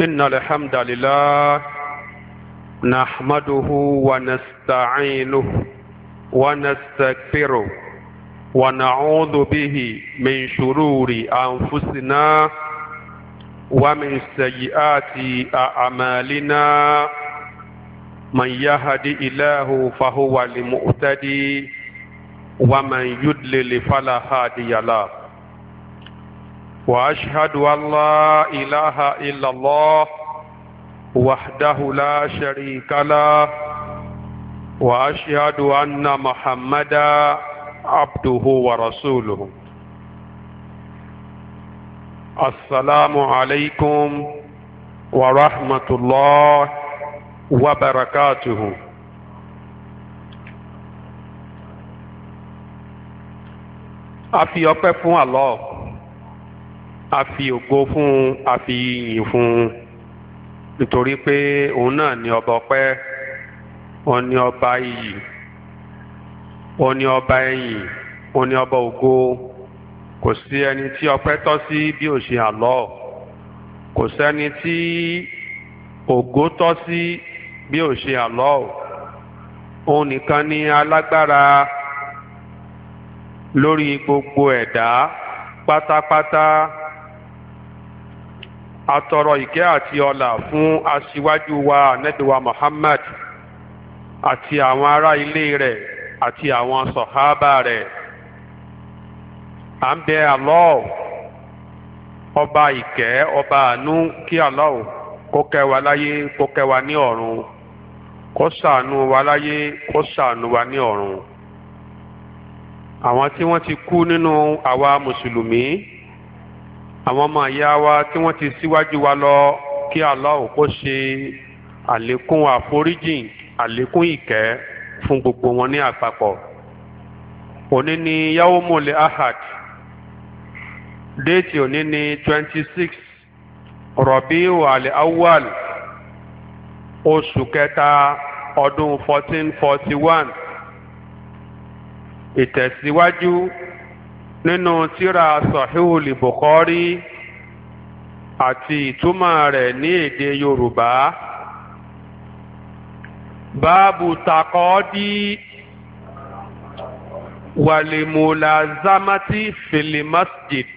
إن الحمد لله نحمده ونستعينه ونستغفره ونعوذ به من شرور أنفسنا ومن سيئات أعمالنا من يهد إله فهو المؤتدي ومن يدلل فلا هادي له واشهد ان لا اله الا الله وحده لا شريك له واشهد ان محمدا عبده ورسوله السلام عليكم ورحمه الله وبركاته a fi ọpẹ́ fún Allah a fi ògo fún un a fi yìn fún un nítorí pé òun náà ni ọba ọpẹ́ òun ni ọba iyì òun ni ọba ẹyìn òun ni ọba ògo kò sí ẹni tí ọpẹ́ tọ́ sí bí ó ṣe Allah kò sẹ́ni tí ògo tọ́ sí bí ó ṣe Allah òun nìkan ni alágbára lórí gbogbo ẹ̀dá pátápátá atọrọ ìkẹ́ àti ọlà fún aṣíwájú wa anẹ́dùwà Muhammad àti àwọn ará ilé rẹ̀ àti àwọn sọ̀hábà rẹ̀ à ń bẹ Allah ọba ìkẹ́ ọba àánú kí Allah kó kẹ́ wa láyé kó kẹ́ wa ní ọ̀run kó ṣàánú wa láyé kó ṣàánú wa ní ọ̀run àwọn tí wọ́n ti kú nínú àwa mùsùlùmí àwọn ọmọ ìyá wa tí wọ́n ti síwájú wa lọ kí Allah kó ṣe àlékún àforíjìn àlékún ìkẹ́ fún gbogbo wọn ní àpapọ̀ òní ni yawmul ahad déètì òní ni twenty six Rabi'u al-awwal oṣù kẹta ọdún fourteen forty one ìtẹ̀síwájú nínú tíra sahihul bukhari àti ìtumọ̀ rẹ̀ ní èdè yorùbá báàbù takọ́ọ́dí wàlìmùlàzámátì fìlìmásjid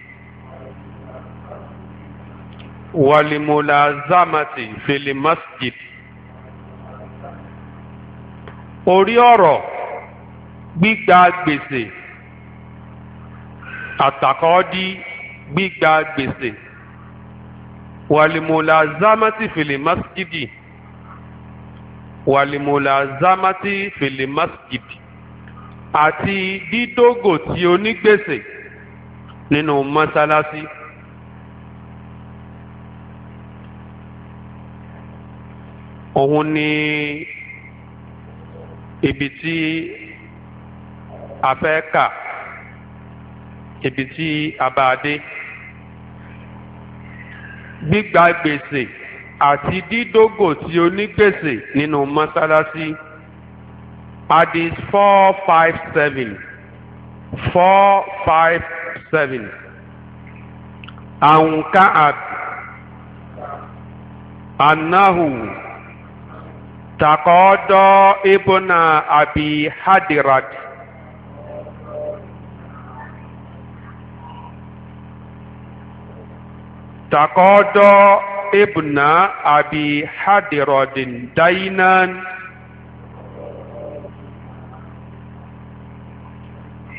wàlìmùlàzámátì fìlìmásjid orí ọ̀rọ̀ gbígba gbèsè àtàkọ́ọ́dí gbígba gbèsè wàlìmùlà zámátì fìlì másgìdì wàlìmùlà zámátì fìlì másgìdì àti dídógò tí onígbèsè nínú mọ́sálásí. òun ni ibi tí a fẹ́ kà ibi tí a bá a dé gbígba gbèsè àti dídógò tí onígbèsè nínú mọ́sálásí hadith four five seven four five seven àwọn káàb anahu takọ́dọ̀ ibùnà àbí hadirat. تقاضى ابن أبي حدرد دينا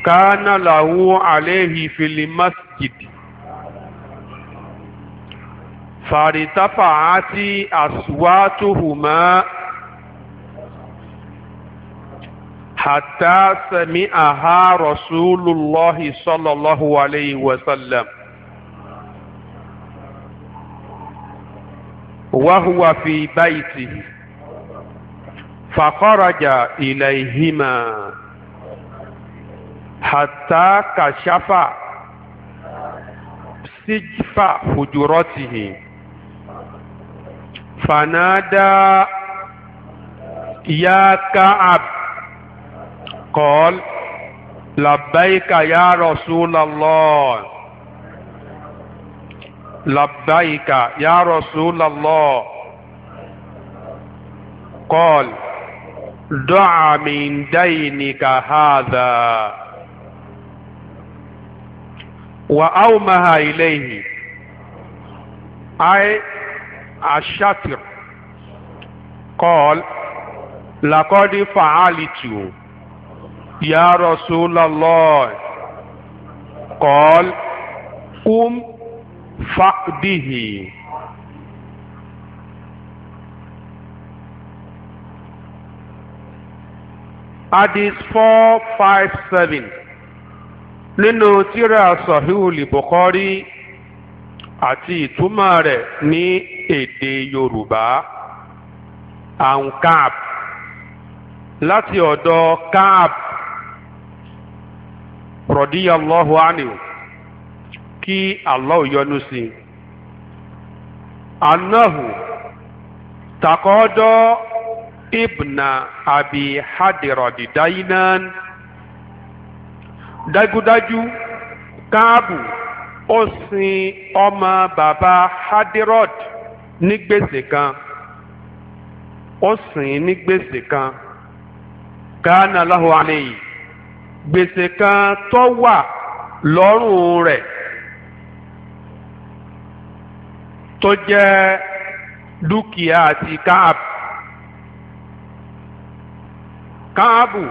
كان له عليه في المسجد فارتفعت أصواتهما حتى سمعها رسول الله صلى الله عليه وسلم وهو في بيته فخرج إليهما حتى كشف سجف حجرته فنادى يا كعب قال لبيك يا رسول الله لبيك يا رسول الله قال دع من دينك هذا وأومها إليه أي الشطر قال لقد فعلت يا رسول الله قال قم فقده hadith 457 five seven nínú tírà sahihul bukhari àti ìtumọ̀ rẹ̀ ní èdè yorùbá ankab láti ọ̀dọ̀ kaab rọ̀díyàlọ́hu anhu. kí Allah yọ́nú sí i anahu takọ́dọ́ ibna abi hadirọ̀dì dainan dájúdájú káàbù ó sin ọmọ baba hadirọ̀d ní gbèsè kan ó sin ní gbèsè kan kánà lahu alayhi gbèsè kan tó wà lọ́rùn rẹ̀. tó jẹ́ dúkìá àti káàbù káàbù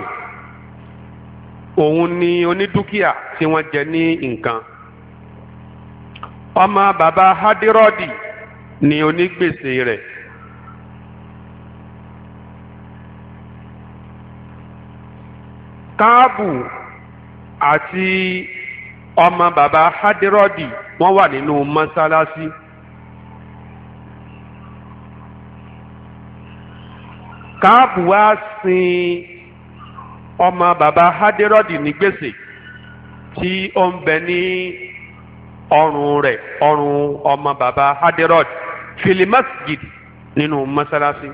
òun ni onídúkìá tí wọ́n jẹ ní nǹkan ọmọ bàbá hadirodi ni onígbèsè rẹ̀. káàbù àti ọmọ bàbá hadirọ́dì wọ́n wà nínú mọ́sálásí. No káàbù wá sin ọmọ bàbá haderodi ní gbèsè tí ó ń bẹ ní ọrùn rẹ̀ ọrùn ọmọ bàbá haderodi fili masjid nínú mọ́sálásí.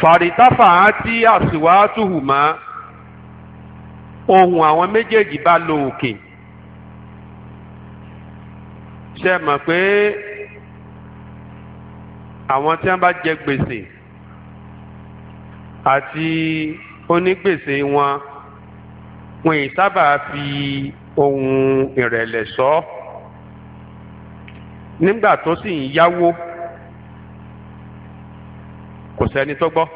fàrìtàfà àti àsìwàátùhùmá ohun àwọn méjèèjì bá lọ òkè ṣe mọ̀ pé àwọn tí wọ́n bá jẹ gbèsè àti onígbèsè wọn wọn ì sábà fi ohun ìrẹ̀lẹ̀ sọ nígbà tó sì ń yáwó kò sẹ́ni tó gbọ́.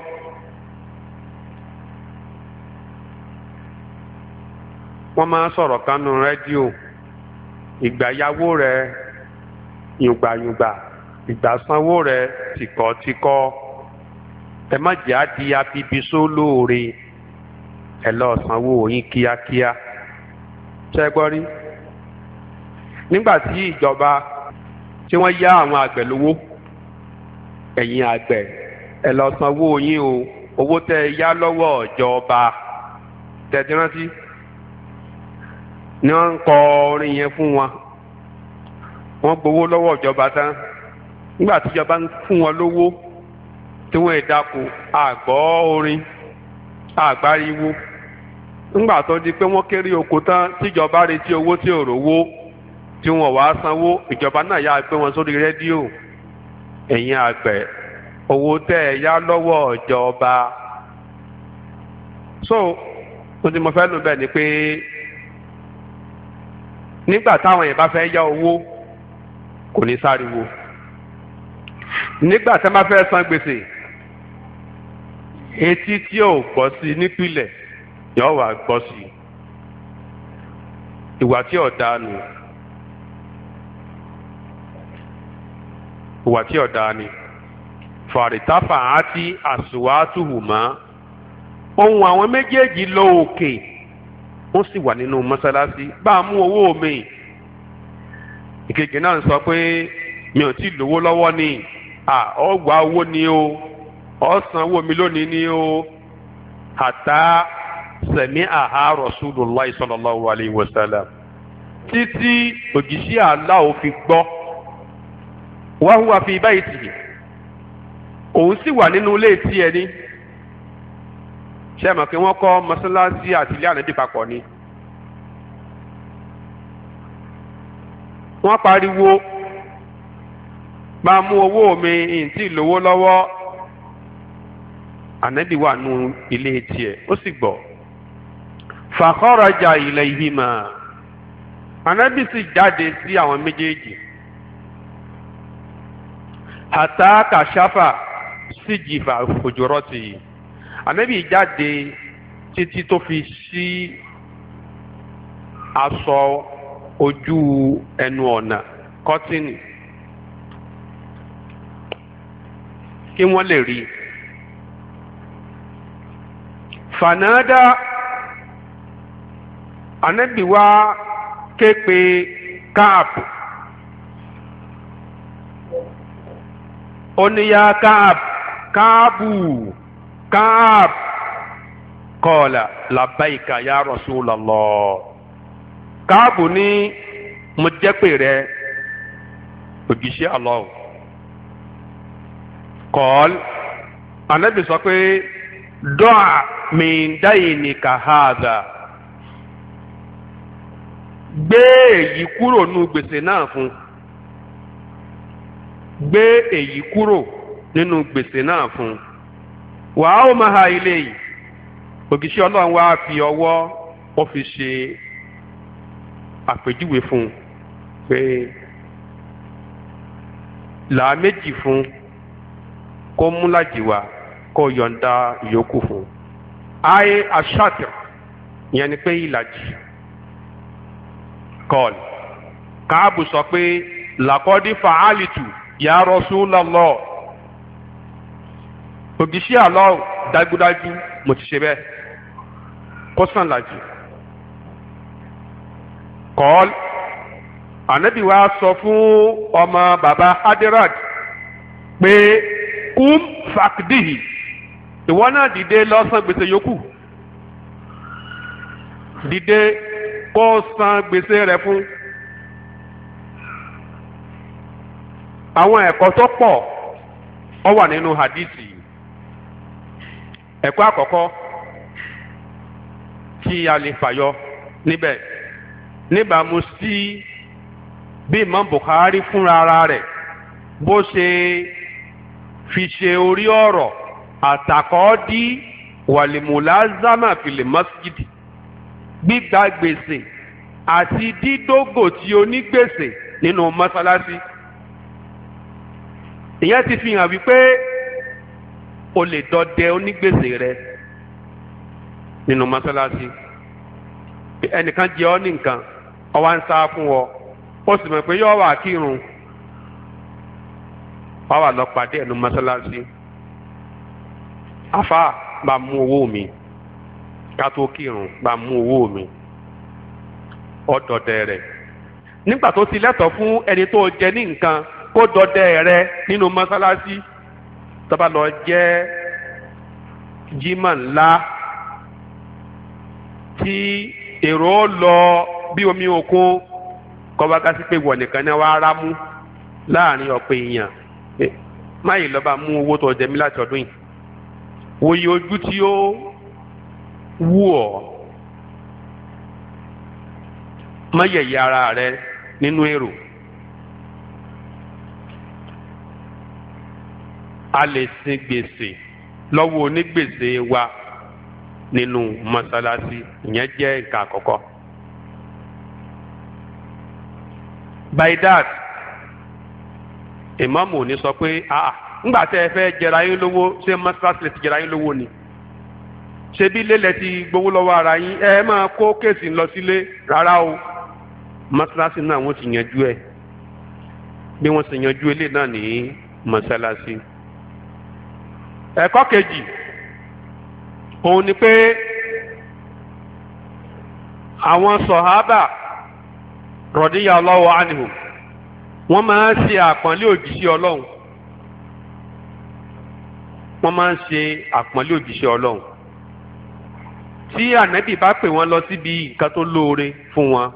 wọ́n máa ń sọ̀rọ̀ kánú rédíò ìgbà yáwó rẹ̀ yùngbàyùngbà ìgbà sanwó rẹ tìkọ̀tìkọ̀ ẹ má jẹ́ àdí abibiso lóore ẹ lọ sanwó yín kíákíá ṣẹ́ gbọ́ rí nígbà tí ìjọba tí wọ́n yá àwọn àgbẹ̀ lówó ẹ̀yin àgbẹ̀ ẹ lọ sanwó yín o owó tẹ́ ẹ yá lọ́wọ́ ìjọba tẹ̀tí rántí ni wọ́n ń kọ orin yẹn fún wọn wọ́n gbowó lọ́wọ́ ìjọba tán nígbà tíjọba ń fún wọn lówó tí wọ́n ẹ̀ dáko àgbọ́ orin àgbáriwo nígbà tó di pé wọ́n kéré oko tán tíjọba retí owó tí ò rówó tí wọ́n wàá sanwó ìjọba náà yà gbé wọn sórí rédíò ẹ̀yin àgbẹ̀ owó tẹ́ ẹ yá lọ́wọ́ ìjọba so ohun tí mo fẹ́ lò bẹ́ẹ̀ ni pé nígbà táwọn yẹn bá fẹ́ yá owó kò ní sáriwo nígbà tí wọ́n bá fẹ́ san gbèsè etí tí ò gbọ́ sí nípìnlẹ̀ yóò wá gbọ́ sí ìwà tí ò dáa nù. ìwà tí ọ̀dà ni fàrìtàfà àti àsùwàtúhùmá ohun àwọn méjèèjì lọ òkè ó sì wà nínú mọ́sálásí bá a mú owó mi ìkejì náà sọ pé mi ò tí lówó lọ́wọ́ ni ọgbà owó ni o ọ̀sánwó mi lónìí ni o àtà sẹ̀mí àhá Rasulullahi sallallahu alayhi wa sallam títí òjíṣẹ́ Allah ó fi gbọ́ wa huwa fi baytihi òun sì wà nínú ilé tiẹ̀ ni ṣé mọ̀ kí wọ́n kọ́ mọ́sálásí àti ilé ànábì papọ̀ ni wọ́n pariwo bá mú owó mi ìǹtí lówó lọ́wọ́ ànábì wà nù ilé tiẹ̀ ó sì gbọ́ fàkọ́rọ̀jà ilẹ̀ yìí mà ànábì sì jáde sí àwọn méjèèjì hàtà kàṣáfà sì jìfà òjòrọ́tì ànábì jáde títí tó fi sí aṣọ ojú ẹnu ọ̀nà kọ́tìnì. kí wọ́n lè rí i. fànàdà ànábì wa ké pe káàbù ó ní ya káàbù káàbù káàbù kọ́ọ̀là làbáyìíká ya Rasulullah káàbù ní mo jẹ́ pè rẹ òjíṣẹ́ Allah. kọl anabi sọ pé dọ́à mi dáyìn ní kàhádà gbé èyí kúrò nínú gbèsè náà fún gbé èyí kúrò nínú gbèsè náà fún wàá ó máa ha ilé yìí ògìṣẹ́ ọlọ́run wá fi ọwọ́ ó fi ṣe àpèjúwe fún pé làá méjì fún kó mú lájì wá kó yọ̀ǹda ìyókù fún un. ayé aṣáàtì ìyẹn ni pé ìlàjì kọ́ọ̀lù káàbù sọ pé làkọ́dí fàálìtù yà Rasulullah ògìṣí àlọ́ dájúdájú mo ti ṣe bẹ́ẹ̀ kó sàn làjì kọ́ọ̀lù ànábì wa sọ fún ọmọ bàbá Hadirat pé um fàkdìhì ìwọ náà dìde lọ san gbèsè yòókù dìde kó san gbèsè rẹ fún. àwọn ẹ̀kọ́ tó pọ̀ ọ wà nínú hadithi ẹ̀kọ́ àkọ́kọ́ tí a lè fàyọ níbẹ̀ níbàámu sí bí Imam Bukhari fúnra ara rẹ̀ bó ṣe fi ṣe orí ọ̀rọ̀ àtàkọ́ọ́dí wàlìmùlázámà fìlẹ̀ mọ́síjìdì gbígba gbèsè àti dídógò tí onígbèsè nínú mọ́sálásí ìyẹn ti fi hàn wípé o lè dọdẹ onígbèsè rẹ nínú mọ́sálásí ẹnìkan jẹ ọ́ ní nǹkan ó wá ń sá fún ọ ó sì mọ̀ pé yóò wà kírun wọ́n wà lọ pàdé ẹnu mọ́sálásí afa bá mú owó mi ká tó kírun bá mú owó mi ọ̀dọ̀dẹ̀ rẹ̀ nígbà tó ti lẹ́tọ̀ọ́ fún ẹni tó jẹ ní nǹkan kó dọdẹ rẹ̀ nínú mọ́sálásí tó bá lọ jẹ́ jimá ńlá tí èrò lọ bí omi òkun kọ́ wá gásí pé wọ̀ nìkan náà wàá rámú láàrin ọ̀pọ̀ èèyàn máyì lọ́ba mú owó tó jẹ mí láti ọdún yìí wòye ojú tí ó wù ọ́ máyẹ̀yẹ ara rẹ nínú èrò a lè sin gbèsè lọ́wọ́ onígbèsè wa nínú mọ́sálásí ìyẹn jẹ́ nǹkan àkọ́kọ́ by that ìmáàmù ò ní sọ pé ah ńgbà tẹ́ ẹ fẹ́ jẹra yín lówó ṣé ti jẹra yín lówó ni ṣebí lélẹ̀ ti gbowó lọwọ ara yín ẹ máa kó kéèsì lọ sílé rárá o mọ́sálásí náà wọ́n ti yanjú ẹ bí wọ́n ti yanjú ilé náà ní ẹkọ kejì òun ni pé àwọn ọlọwọ wọ́n máa ń ṣe àpọ́nlé òjíṣẹ́ ọlọ́run wọ́n máa ń ṣe àpọ́nlé òjíṣẹ́ ọlọ́run tí ànábì bá pè wọ́n lọ síbi nǹkan tó lóore fún wọn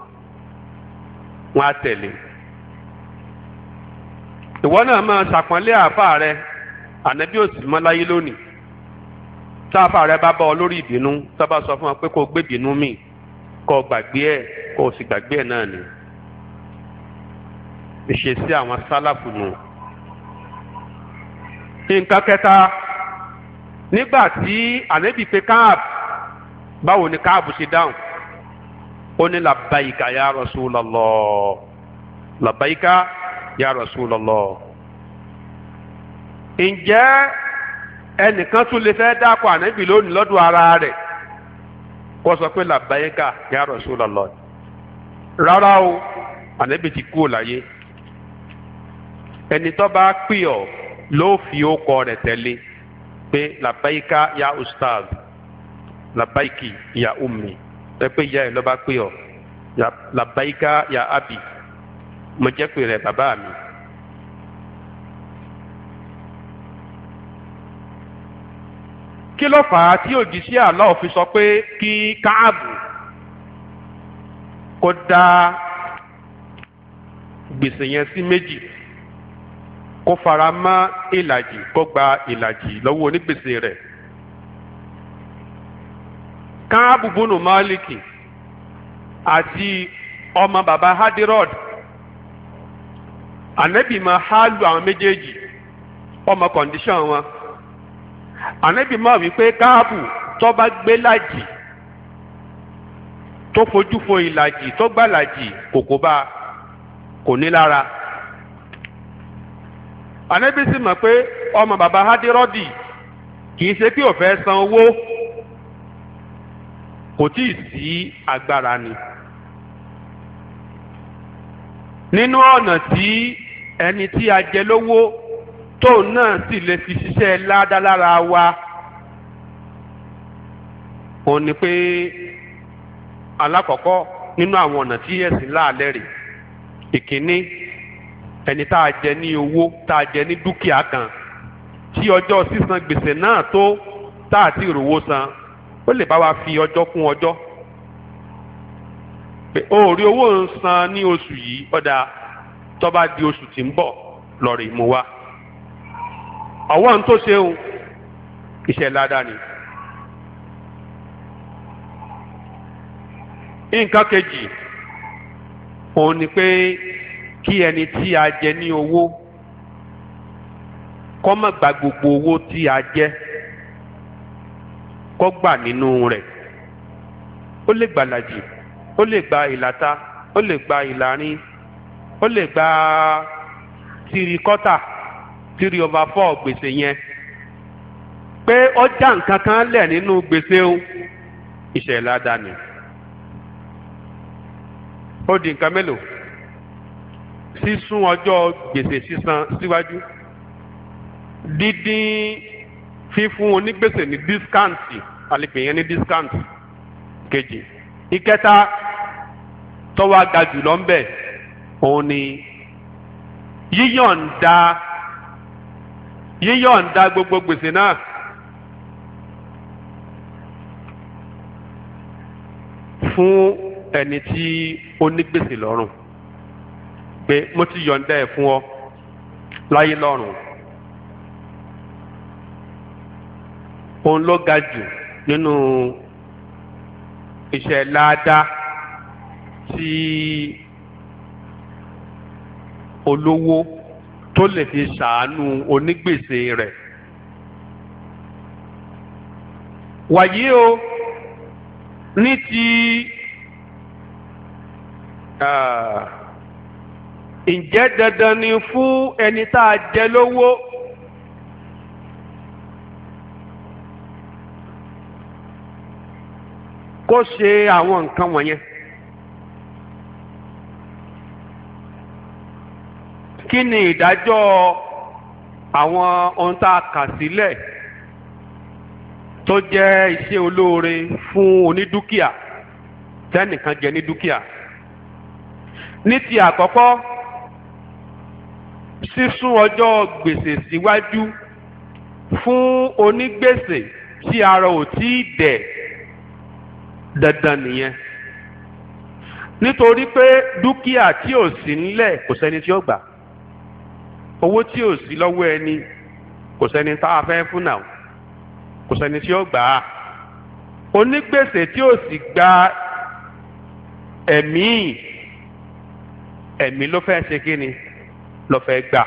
wọ́n á tẹ̀lé ìwọ náà máa ṣàpọ́nlé àáfà rẹ ànábì ò sì mọ́ láyé lónìí tá àáfà rẹ bá bá ọ lórí ìbínú tó bá sọ fún ọ pé kó gbé ìbínú mì kó gbàgbé ẹ kó sì gbàgbé ẹ náà ni ìṣesí àwọn sálàfù nù. nǹkan kẹta nígbà tí ànábì pé káàb báwo ni káàb ṣe dáhùn ó ní làbáyíká ya Rasulullah làbáyíká ya Rasulullah. ǹjẹ́ ẹnìkan tún lè fẹ́ dákọ̀ ànábì lónìí lọ́dún ara rẹ̀ kó sọ pé làbáyíká ya Rasulullah rárá o ànábì ti kú ò láyé ẹni tó bá pè ọ́ ló fi ókọ rẹ̀ tẹ̀lé pé làbáyíká ya ustaz làbáyíkì ya ummi ẹ pé ìyá ẹ ló bá pè ọ́ ya abi mo jẹ́ pé rẹ̀ bàbá mi. kí ló fà á tí òjíṣẹ́ Allah fi pé kí káàbù kó dá gbèsè yẹn sí méjì. Si kó fara mọ́ ìlàjì kó gba ìlàjì lọ́wọ́ onígbèsè rẹ̀ káàbù bùnú máàlìkì àti ọmọ bàbá hadirod ànábì máa há lu àwọn méjèèjì ọmọ kọ̀ǹdíṣàn wọn ànábì máa wí pé káàbù tó bá gbé làjì tó fojú fo ìlàjì tó gbàlàjì kòkó bá kò ní lára ànábì sì mọ̀ pé ọmọ bàbá hádírọ́dì kìí ṣe pé ó fẹ́ san owó kò tí ì sí agbára ni. nínú ọ̀nà tí ẹni tí a jẹ lówó tóun náà sì lè fi ṣiṣẹ́ ládá wa òun ni pé alákọ̀ọ́kọ́ nínú àwọn ọ̀nà tí ẹ̀sìn láàlẹ́ rè ìkíní. E ẹni tá a jẹ ní owó tá a jẹ ní dúkìá kan tí ọjọ́ sísan gbèsè náà tó tá a ti rówó san ó lè bá wa fi ọjọ́ kún ọjọ́ o rí owó ń san ní oṣù yìí ọ̀dà tó bá di oṣù tí ń bọ̀ lọ́ọ̀rì mú wa ọ̀wọ́ ń tó ṣeun iṣẹ́ ládàá ni. nǹkan kejì òun ni pé. kí ẹni tí a jẹ ní owó kó má gba gbogbo owó tí a jẹ kó gbà nínú rẹ̀ ó lè gba làjì ó lè gba ìlàta ó lè gba ìlàrin ó lè gba tirikọ́tà tiri ọba four gbèsè yẹn pé ọjà já nǹkan kan lẹ̀ nínú gbèsè o ìṣẹ̀lẹ̀ àdáni ó di nǹkan mélòó. sísún ọjọ́ gbèsè sísan síwájú dídín fífún onígbèsè ní dískáǹtì àlepèyàn ní dískáǹtì kejì ìkẹta tọwọ́ aga jùlọ ńbẹ òun ni yíyọ̀ǹda yíyọ̀ǹda gbogbo gbèsè náà. fún ẹni tí ó lọ́rùn pé mo ti yọ̀ǹda ẹ̀ fún ọ láyé lọ́rùn òun ló ga jù nínú iṣẹ́ ládàá tí olówó tó lè fi ṣàánú onígbèsè rẹ̀ wàyí o ní ti. Uh, ǹjẹ́ dandan ni fún ẹni tá a jẹ lówó kó ṣe àwọn nǹkan wọ̀nyẹn. kí ni ìdájọ́ àwọn ohun tá a kà sílẹ̀ tó jẹ́ iṣẹ́ olóore fún onídúkìá tẹ́nìkan jẹ ní dúkìá ní ti àkọ́kọ́ sísún ọjọ́ gbèsè síwájú fún onígbèsè tí ara ò tí ì dẹ̀ dandan nìyẹn nítorí pé dúkìá tí ò sí nílẹ̀ kò sẹ́ni tí ó gbà owó tí ò sí lọ́wọ́ ẹni kò sẹ́ni tá a fẹ́ fún náà kò sẹ́ni tí ó gbà á onígbèsè tí ò sì gba ẹ̀mí ẹ̀mí ló fẹ́ ṣe kí ni lọ́fẹ́ gbà.